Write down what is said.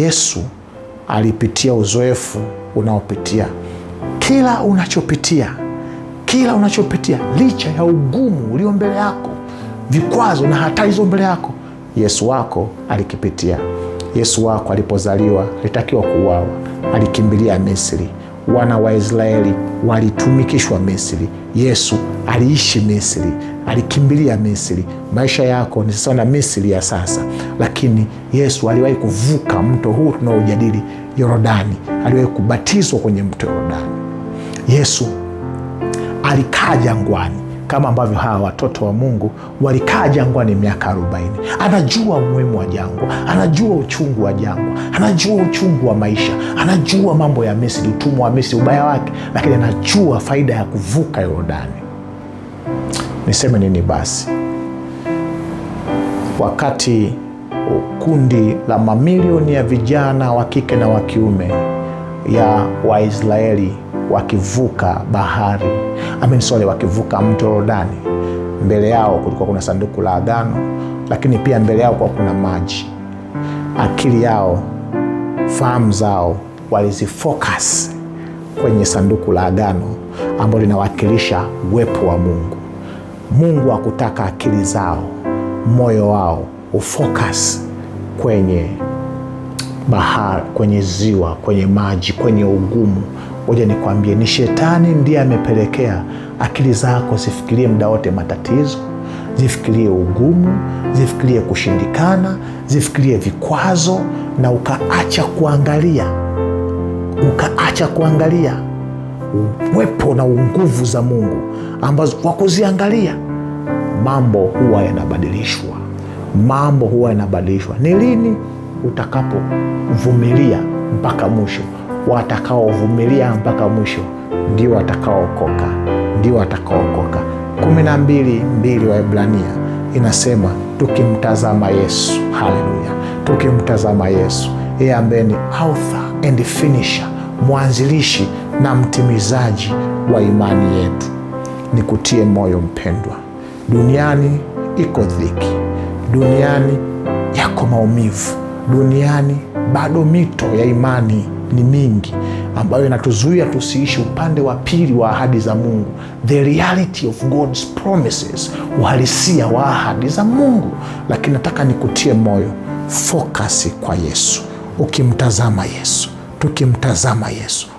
Yesu alipitia uzoefu unaopitia kila unachopitia, kila unachopitia, licha ya ugumu ulio mbele yako, vikwazo na hatari hizo mbele yako, Yesu wako alikipitia. Yesu wako alipozaliwa alitakiwa kuuawa, alikimbilia Misri wana wa Israeli walitumikishwa Misri. Yesu aliishi Misri, alikimbilia Misri. Maisha yako ni sawa na Misri ya sasa, lakini Yesu aliwahi kuvuka mto huu tunaojadili, Yorodani. Aliwahi kubatizwa kwenye mto Yorodani. Yesu alikaa jangwani kama ambavyo hawa watoto wa Mungu walikaa jangwani miaka arobaini. Anajua umuhimu wa jangwa, anajua uchungu wa jangwa, anajua uchungu wa maisha, anajua mambo ya Misri, utumwa wa Misri, ubaya wake, lakini anajua faida ya kuvuka Yordani. Niseme nini basi? Wakati kundi la mamilioni ya vijana wa kike na wa kiume ya Waisraeli wakivuka bahari amin, wakivuka mto Yordani, mbele yao kulikuwa kuna sanduku la agano, lakini pia mbele yao kwa kuna maji. Akili yao, fahamu zao walizifocus kwenye sanduku la agano ambalo linawakilisha uwepo wa Mungu. Mungu hakutaka akili zao, moyo wao ufocus kwenye bahari, kwenye ziwa, kwenye maji, kwenye ugumu. Ngoja nikwambie, ni shetani ndiye amepelekea akili zako zifikirie muda wote matatizo, zifikirie ugumu, zifikirie kushindikana, zifikirie vikwazo, na ukaacha kuangalia, ukaacha kuangalia uwepo na nguvu za Mungu ambazo kwa kuziangalia mambo huwa yanabadilishwa, mambo huwa yanabadilishwa. Ni lini? utakapovumilia mpaka mwisho. Watakaovumilia mpaka mwisho ndio watakaookoka, ndio watakaookoka. kumi na mbili mbili wa Ibrania inasema tukimtazama Yesu. Haleluya, tukimtazama Yesu, yeye ambaye ni author and finisher, mwanzilishi na mtimizaji wa imani yetu. Nikutie moyo mpendwa, duniani iko dhiki, duniani yako maumivu duniani bado mito ya imani ni mingi ambayo inatuzuia tusiishi upande wa pili wa ahadi za Mungu, the reality of God's promises, uhalisia wa ahadi za Mungu. Lakini nataka nikutie moyo, fokasi kwa Yesu, ukimtazama Yesu, tukimtazama Yesu